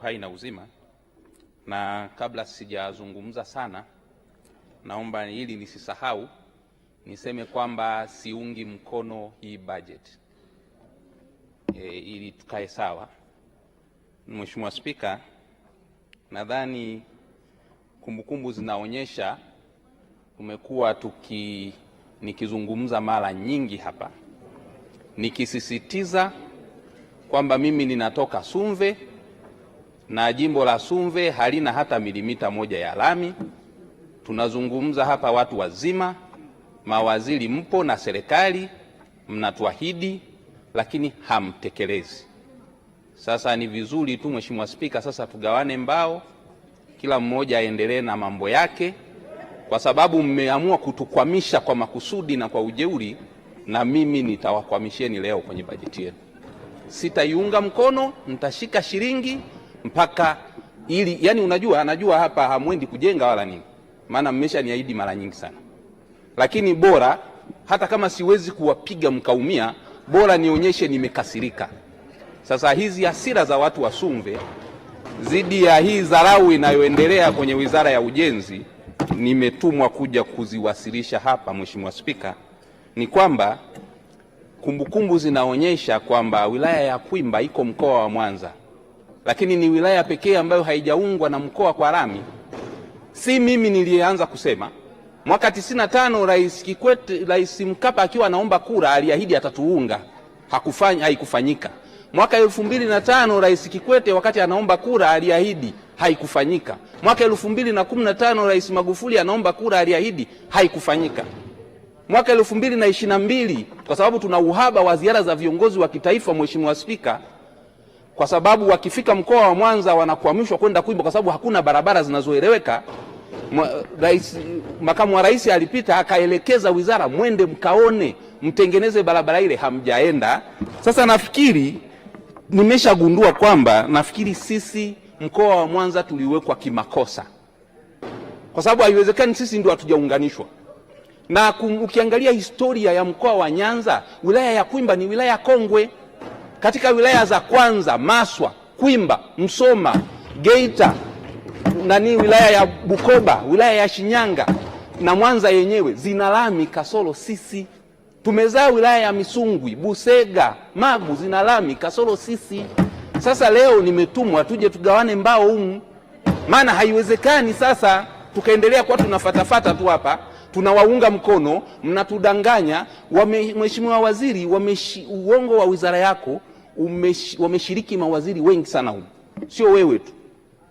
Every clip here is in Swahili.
uhai na uzima, na kabla sijazungumza sana, naomba ili nisisahau niseme kwamba siungi mkono hii budget e, ili tukae sawa. Mheshimiwa Spika, nadhani kumbukumbu zinaonyesha tumekuwa tuki nikizungumza mara nyingi hapa nikisisitiza kwamba mimi ninatoka Sumve na jimbo la Sumve halina hata milimita moja ya lami. Tunazungumza hapa watu wazima, mawaziri mpo na serikali mnatuahidi, lakini hamtekelezi. Sasa ni vizuri tu Mheshimiwa Spika, sasa tugawane mbao, kila mmoja aendelee na mambo yake, kwa sababu mmeamua kutukwamisha kwa makusudi na kwa ujeuri, na mimi nitawakwamisheni leo kwenye bajeti yenu. Sitaiunga mkono, nitashika shilingi mpaka ili yani, unajua anajua hapa hamwendi kujenga wala nini, maana mmeshaniahidi mara nyingi sana, lakini bora hata kama siwezi kuwapiga mkaumia, bora nionyeshe nimekasirika. Sasa hizi hasira za watu wa Sumve dhidi ya hii dharau inayoendelea kwenye Wizara ya Ujenzi, nimetumwa kuja kuziwasilisha hapa. Mheshimiwa Spika, ni kwamba kumbukumbu zinaonyesha kwamba wilaya ya Kwimba iko mkoa wa Mwanza lakini ni wilaya pekee ambayo haijaungwa na mkoa kwa lami. Si mimi niliyeanza kusema mwaka tisini na tano Rais Kikwete, Rais Mkapa akiwa anaomba kura aliahidi atatuunga, hakufanya, haikufanyika. Mwaka elfu mbili na tano Rais Kikwete wakati anaomba kura aliahidi, haikufanyika. Mwaka elfu mbili na kumi na tano Rais Magufuli anaomba kura aliahidi, haikufanyika. Mwaka elfu mbili na ishirini na mbili kwa sababu tuna uhaba wa ziara za viongozi wa kitaifa, Mheshimiwa Spika, kwa sababu wakifika mkoa wa Mwanza wanakuhamishwa kwenda Kwimba kwa sababu hakuna barabara zinazoeleweka. Rais, makamu wa rais alipita akaelekeza wizara, mwende mkaone, mtengeneze barabara ile, hamjaenda. Sasa nafikiri nimeshagundua kwamba nafikiri sisi mkoa wa Mwanza tuliwekwa kimakosa, kwa sababu haiwezekani sisi ndio hatujaunganishwa na kum, ukiangalia historia ya mkoa wa Nyanza wilaya ya Kwimba ni wilaya kongwe katika wilaya za Kwanza, Maswa, Kwimba, Msoma, Geita, nani, wilaya ya Bukoba, wilaya ya Shinyanga na Mwanza yenyewe zina lami kasoro sisi. Tumezaa wilaya ya Misungwi, Busega, Magu zina lami kasoro sisi. Sasa leo nimetumwa tuje tugawane mbao humu, maana haiwezekani sasa tukaendelea kuwa tunafatafata tu hapa, tunawaunga mkono, mnatudanganya. Mheshimiwa Waziri, wameshi uongo wa wizara yako umesh, wameshiriki mawaziri wengi sana huko, sio wewe tu.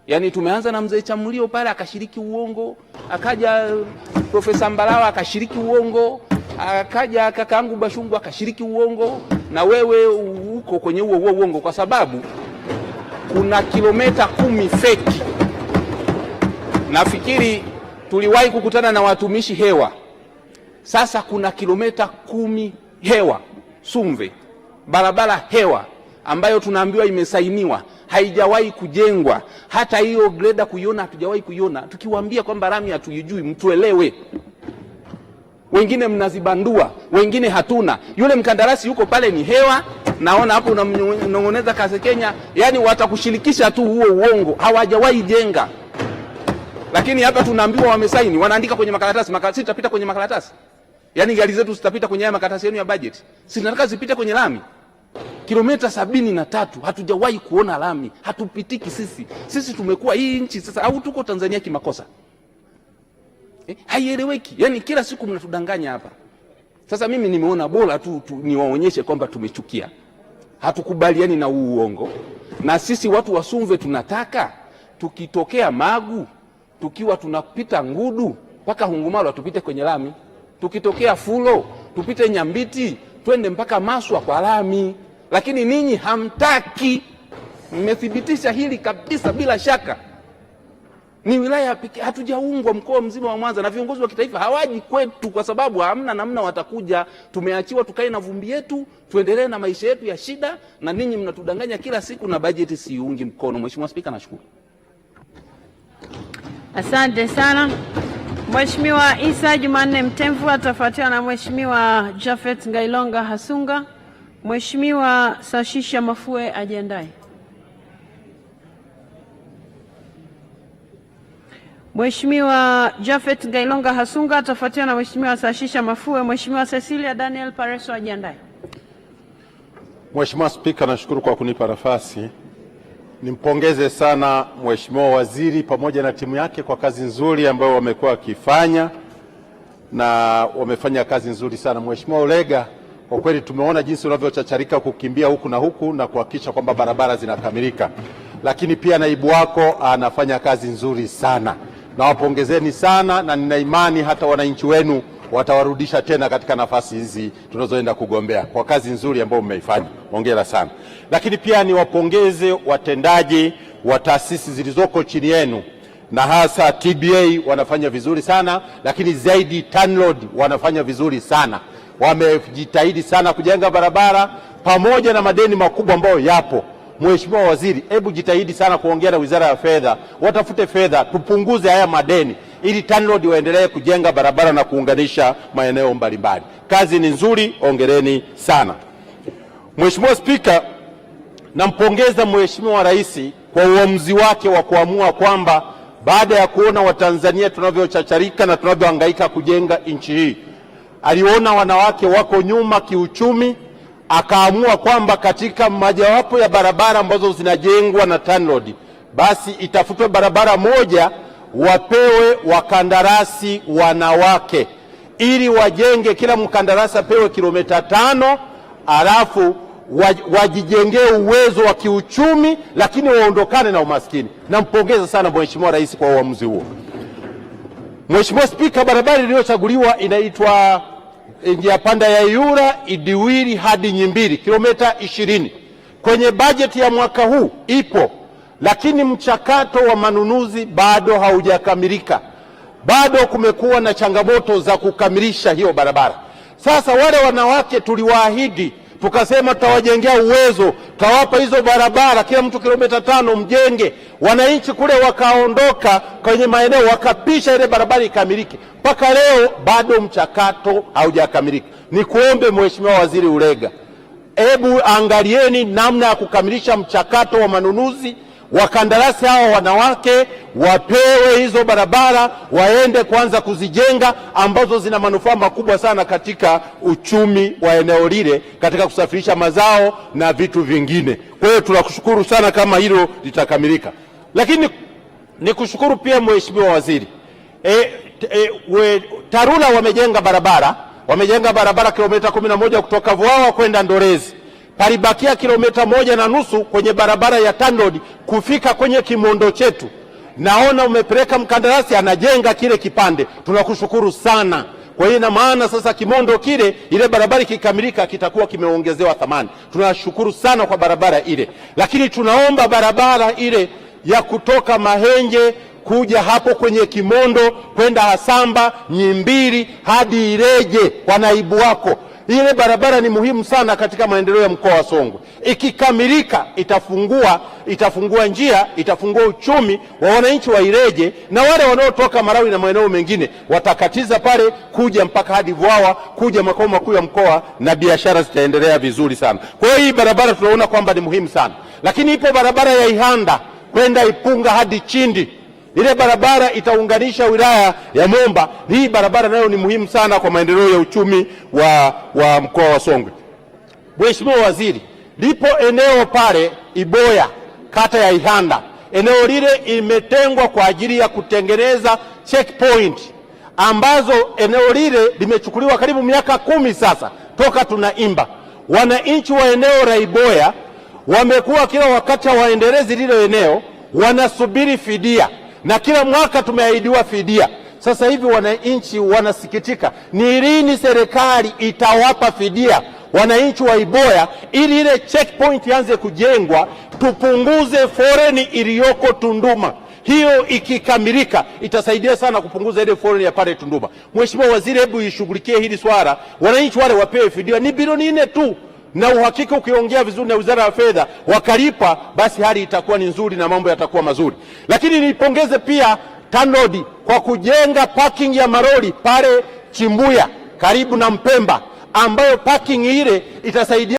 Yaani tumeanza na mzee Chamlio pale akashiriki uongo, akaja Profesa Mbarawa akashiriki uongo, akaja kakaangu bashungu akashiriki uongo, na wewe uko kwenye huo huo uongo, kwa sababu kuna kilomita kumi feki. Nafikiri tuliwahi kukutana na watumishi hewa, sasa kuna kilomita kumi hewa Sumve barabara hewa ambayo tunaambiwa imesainiwa haijawahi kujengwa. Hata hiyo greda kuiona hatujawahi kuiona, tukiwaambia kwamba rami hatuijui, mtuelewe. Wengine mnazibandua, wengine hatuna. Yule mkandarasi yuko pale ni hewa, naona hapo unamnong'oneza kase Kenya. yani watakushirikisha tu huo uongo, hawajawahi jenga. Lakini hapa tunaambiwa wamesaini, wanaandika kwenye makaratasi, makaratasi tutapita kwenye makaratasi, yani gari zetu zitapita kwenye haya makaratasi yenu ya bajeti, si tunataka zipite kwenye lami kilomita sabini na tatu hatujawahi kuona lami, hatupitiki sisi. Sisi tumekuwa hii nchi sasa, au tuko Tanzania kimakosa eh? Haieleweki yani, kila siku mnatudanganya hapa. Sasa mimi nimeona bora tu, tu niwaonyeshe kwamba tumechukia, hatukubaliani na huu uongo, na sisi watu wa Sumve tunataka tukitokea Magu tukiwa tunapita Ngudu mpaka Hungumalo tupite kwenye lami, tukitokea Fulo tupite Nyambiti twende mpaka Maswa kwa lami lakini ninyi hamtaki. Mmethibitisha hili kabisa bila shaka. Ni wilaya pekee hatujaungwa, mkoa mzima wa Mwanza na viongozi wa kitaifa hawaji kwetu, kwa sababu hamna namna watakuja. Tumeachiwa tukae na vumbi yetu, tuendelee na maisha yetu ya shida, na ninyi mnatudanganya kila siku, na bajeti siungi mkono. Mheshimiwa Spika, nashukuru. Asante sana Mheshimiwa Isa Jumanne Mtemvu, atafuatiwa na Mheshimiwa Jafet Ngailonga Hasunga. Mheshimiwa Sashisha Mafue ajiandae. Mheshimiwa Jafet Gailonga Hasunga atafuatiwa na Mheshimiwa Sashisha Mafue. Mheshimiwa Cecilia Daniel Pareso ajiandae. Mheshimiwa Spika, nashukuru kwa kunipa nafasi. Nimpongeze sana Mheshimiwa Waziri pamoja na timu yake kwa kazi nzuri ambayo wamekuwa wakifanya na wamefanya kazi nzuri sana. Mheshimiwa Ulega kwa kweli tumeona jinsi unavyochacharika kukimbia huku na huku na kuhakikisha kwamba barabara zinakamilika, lakini pia naibu wako anafanya kazi nzuri sana, nawapongezeni sana na nina imani hata wananchi wenu watawarudisha tena katika nafasi hizi tunazoenda kugombea kwa kazi nzuri ambayo mmeifanya, hongera sana. Lakini pia niwapongeze watendaji wa taasisi zilizoko chini yenu na hasa TBA wanafanya vizuri sana, lakini zaidi TANROADS wanafanya vizuri sana wamejitahidi sana kujenga barabara pamoja na madeni makubwa ambayo yapo. Mheshimiwa Waziri, hebu jitahidi sana kuongea na Wizara ya Fedha, watafute fedha tupunguze haya madeni ili TANROADS waendelee kujenga barabara na kuunganisha maeneo mbalimbali. Kazi ni nzuri, ongereni sana. Mheshimiwa Spika, nampongeza Mheshimiwa Rais kwa uamuzi wake wa kuamua kwamba baada ya kuona Watanzania tunavyochacharika na tunavyohangaika kujenga nchi hii aliona wanawake wako nyuma kiuchumi, akaamua kwamba katika mojawapo ya barabara ambazo zinajengwa na TANROADS basi itafutwe barabara moja wapewe wakandarasi wanawake ili wajenge, kila mkandarasi apewe kilomita tano, alafu wajijengee uwezo wa kiuchumi, lakini waondokane na umaskini. Nampongeza sana Mheshimiwa Rais kwa uamuzi huo. Mheshimiwa Spika, barabara iliyochaguliwa inaitwa njia eh, panda ya yura Idiwiri hadi Nyimbili kilomita ishirini kwenye bajeti ya mwaka huu ipo, lakini mchakato wa manunuzi bado haujakamilika. Bado kumekuwa na changamoto za kukamilisha hiyo barabara. Sasa wale wanawake tuliwaahidi, tukasema tutawajengea uwezo, tutawapa hizo barabara, kila mtu kilomita tano, mjenge wananchi kule wakaondoka kwenye maeneo wakapisha ile barabara ikamiliki. Mpaka leo bado mchakato haujakamilika. Nikuombe Mheshimiwa Waziri Ulega, hebu angalieni namna ya kukamilisha mchakato wa manunuzi wakandarasi hawa wanawake wapewe hizo barabara waende kuanza kuzijenga, ambazo zina manufaa makubwa sana katika uchumi wa eneo lile, katika kusafirisha mazao na vitu vingine. Kwa hiyo tunakushukuru sana kama hilo litakamilika. Lakini nikushukuru pia mheshimiwa waziri e, e, we, TARURA wamejenga barabara wamejenga barabara kilomita kumi na moja kutoka Vwawa kwenda Ndorezi, palibakia kilomita moja na nusu kwenye barabara ya TANROADS kufika kwenye kimondo chetu. Naona umepeleka mkandarasi anajenga kile kipande, tunakushukuru sana. Kwa hiyo ina maana sasa kimondo kile, ile barabara ikikamilika, kitakuwa kimeongezewa thamani. Tunashukuru sana kwa barabara ile, lakini tunaomba barabara ile ya kutoka mahenge kuja hapo kwenye Kimondo kwenda Hasamba Nyimbili hadi Ileje kwa naibu wako. Ile barabara ni muhimu sana katika maendeleo ya mkoa wa Songwe. Ikikamilika itafungua itafungua njia, itafungua uchumi wa wananchi wa Ileje na wale wanaotoka marawi na maeneo mengine watakatiza pale kuja mpaka hadi Vwawa kuja makao makuu ya mkoa, na biashara zitaendelea vizuri sana. Kwa hiyo hii barabara tunaona kwamba ni muhimu sana, lakini ipo barabara ya Ihanda kwenda Ipunga hadi Chindi. Ile barabara itaunganisha wilaya ya Momba. Hii barabara nayo ni muhimu sana kwa maendeleo ya uchumi wa, wa mkoa wa Songwe. Mheshimiwa Waziri, lipo eneo pale Iboya kata ya Ihanda, eneo lile imetengwa kwa ajili ya kutengeneza checkpoint ambazo eneo lile limechukuliwa karibu miaka kumi sasa toka tunaimba. Wananchi wa eneo la Iboya wamekuwa kila wakati hawaendelezi lilo eneo, wanasubiri fidia, na kila mwaka tumeahidiwa fidia. Sasa hivi wananchi wanasikitika, ni lini serikali itawapa fidia wananchi wa Iboya ili ile checkpoint ianze kujengwa, tupunguze foreni iliyoko Tunduma. Hiyo ikikamilika itasaidia sana kupunguza ile foreni ya pale Tunduma. Mheshimiwa Waziri, hebu ishughulikie hili swala, wananchi wale wapewe fidia, ni bilioni nne tu na uhakika ukiongea vizuri na wizara ya fedha wakalipa, basi hali itakuwa ni nzuri na mambo yatakuwa mazuri. Lakini nipongeze pia TANROADS kwa kujenga parking ya maroli pale Chimbuya karibu na Mpemba, ambayo parking ile itasaidia